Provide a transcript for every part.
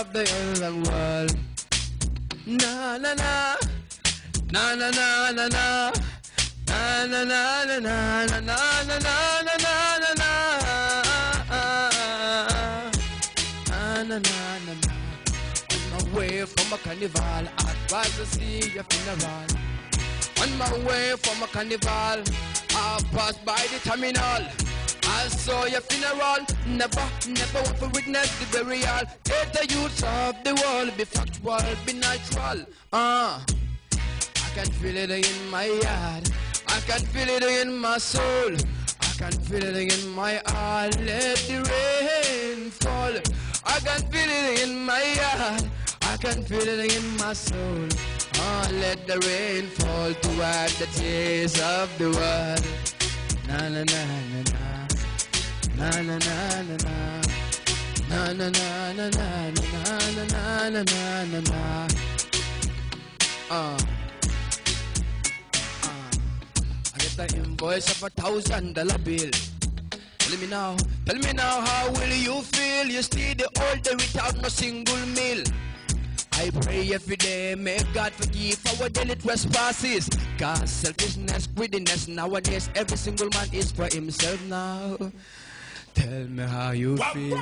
of the island world. Na na na, na na na na na, na na na na na na na na na na na na na na na na on my way from a carnival, I'd rather see a funeral. On my way from a carnival, I pass by the terminal. I saw your funeral, never, never want to witness the burial. Hate the youth of the world, be factual, be natural. Ah, uh, I can feel it in my heart, I can feel it in my soul, I can feel it in my heart. Let the rain fall. I can feel it in my heart, I can feel it in my soul. Ah, let the rain fall to wipe the tears of the world. Na na na na na na na na na na na na na na na na na na na na na uh. uh. I get the invoice of a thousand dollar bill. Tell me now, tell me now, how will you feel? You stay the all day without no single meal. I pray every day, may God forgive our daily trespasses. Cause selfishness, greediness, nowadays every single man is for himself now. Tell me how you feel.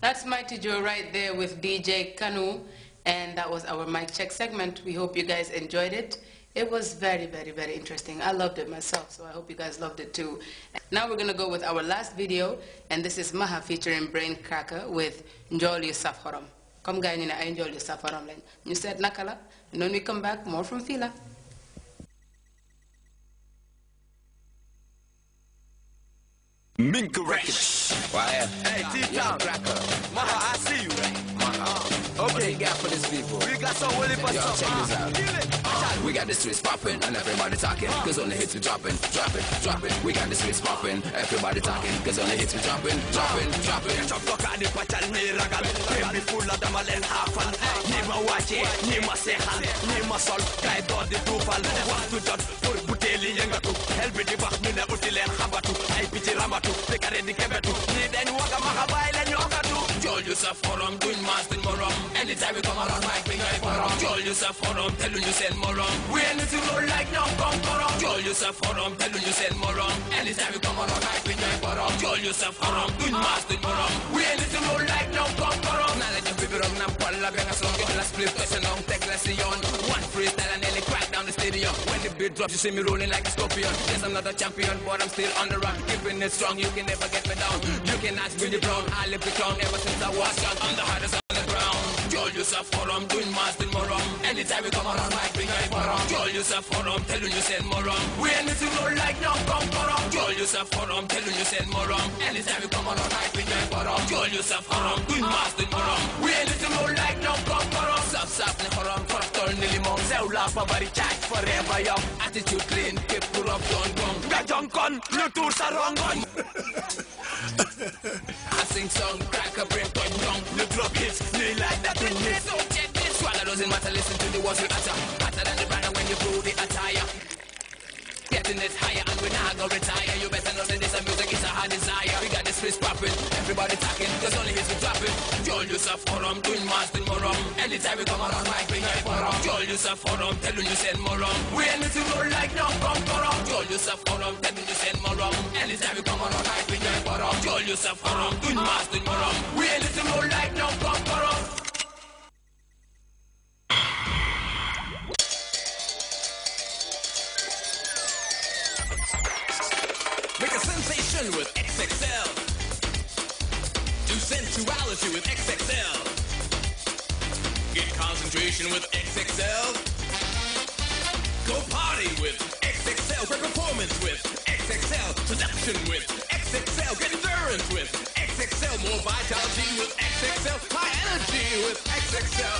That's Mighty Joe right there with DJ Kanu. And that was our mic check segment. We hope you guys enjoyed it. It was very, very, very interesting. I loved it myself, so I hope you guys loved it too. Now we're going to go with our last video, and this is Maha featuring Brain Cracker with Njoli Safaram. Come, guys, I enjoy Njoli Safaram. You said Nakala, and when we come back, more from Fila. Minka Records. Why? hey, T-Town. Maha, I see you. Maha. Okay. What got for these people? We got some holy for some. Check this out. we got the streets popping and everybody talking. Cause on hits we dropping, dropping, dropping. We got the streets popping, everybody talking. Cause on hits we dropping, dropping, dropping. Chop talk at the patal me ragal. Can be full of them all in half and Nima wache, nima sehan, nima sol. Guy dodi dufal. Want to judge, put buteli yenga tu. Help me di back. Africa ready kebe tu Ni deni Joel Yusuf Forum doing mass doing morum Anytime we come around mic we know it forum Joel Yusuf Forum telling you send morum We ain't to roll like no come forum yourself for wrong, telling you said more wrong. Anytime you come on our life, we know for wrong. Call yourself for wrong, doing mass, doing more wrong. We ain't little more like no come for wrong. Now you your baby wrong, now pull up, bang a song. Your last flip, question on, take less on. One freestyle and nearly crack down the stadium. When the beat drops, you see me rolling like a scorpion. Yes, I'm not a champion, but I'm still on the run. Keeping it strong, you can never get me down. You can ask me the brown, I live the crown ever since I was young. I'm the hardest yourself forum, doing mass in morum. Anytime you come around, I bring I forum. Call yourself forum, telling you send more morum. We anything no like no come forum. Call yourself forum, telling you send more morum. Anytime you come around, I bring I forum. Call yourself forum, doing mass in morum. We anything no like no come forum. Sub sub ne forum, corruptor ne limon. Zeula for body chat forever young. Attitude clean, keep corruption gone. Gajong con, no tours are wrong on. I sing song, crack a brick the club hits. They like that thing hits. So check this. Swallow doesn't matter. Listen to the words we utter. Hotter than the banner when you blow the attire. Getting it higher and we are not gonna retire. You better know that this music is a hard desire. We got this fist popping. Everybody talking. Cause only hits Yusuf Forum, doing Morum. Anytime we come around, I bring a forum. Forum, telling you send Morum. We like from Forum. Forum, telling you send Morum. Anytime we come around, I bring forum. Forum, doing Marston Morum. We like from Forum. with XXL. Do sensuality with XXL. Frustration with XXL? Go party with XXL. Great performance with XXL. Production with XXL. Great endurance with XXL. More vitality with XXL. High energy with XXL.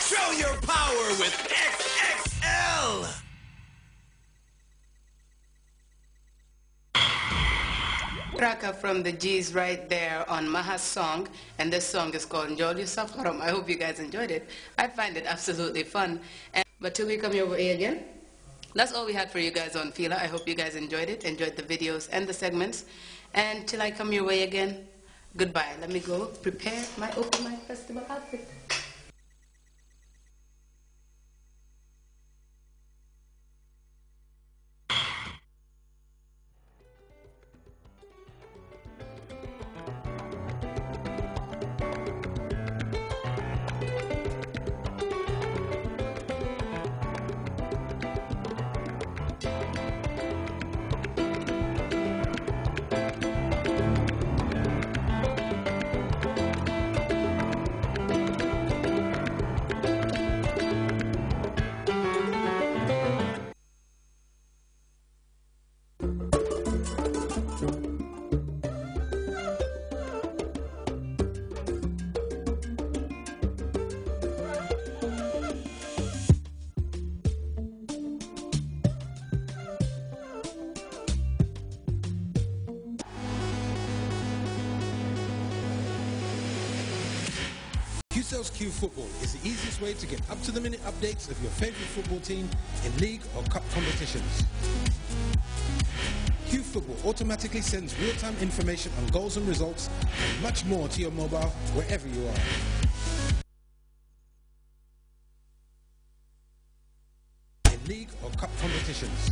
Show your power with XXL. from the G's right there on Maha's song, and this song is called Njoli Safarom. I hope you guys enjoyed it. I find it absolutely fun. And, but till we come your way again, that's all we had for you guys on Fila. I hope you guys enjoyed it, enjoyed the videos and the segments. And till I come your way again, goodbye. Let me go prepare my open mic festival outfit. QCell's Q Football is the easiest way to get up-to-the-minute updates of your favourite football team in league or cup competitions. Q Football automatically sends real-time information on goals and results and much more to your mobile wherever you are. In league or cup competitions.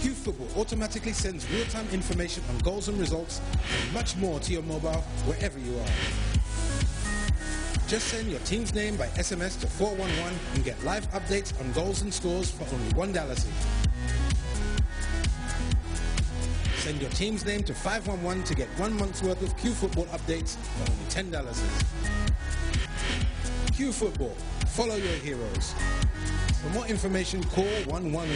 Q Football automatically sends real-time information on goals and results and much more to your mobile wherever you are. Just send your team's name by SMS to 411 and get live updates on goals and scores for only one Dallas. Send your team's name to 511 to get one month's worth of Q Football updates for only $10. Q Football. Follow your heroes. For more information, call 111.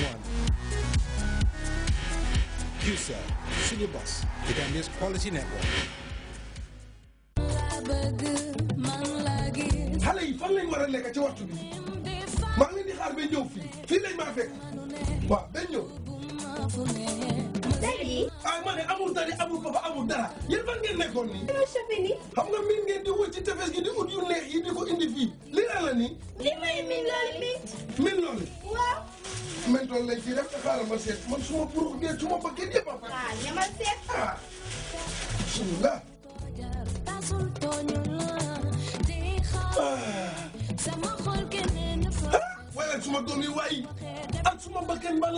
QCell, Senior Boss, the Gambia's quality network. fan lañ war a lekk ci waxtu bi maa ngi leen di xaar ba ñëw fii fii lañ maa fekk waaw ba ñëw. dadi. ah ma ne amul dadi amul papa amul dara yéen fan ngeen nekkoon nii. dama chopé nii. xam nga miin ngeen di wër ci tefes gi di ut yu neex yi di ko indi fii li la la nii. li may miin loolu mint. miin loolu. waaw. miin loolu lañ ciy def te xaaral ma seet man suma pour ngeen suma ba kenn yëpp a fa. waaw ah, ñamal seet. ah bisimilah. sama xol keneen fa ah, waaye ak suma doom yi waay ak ah, suma bakkan ba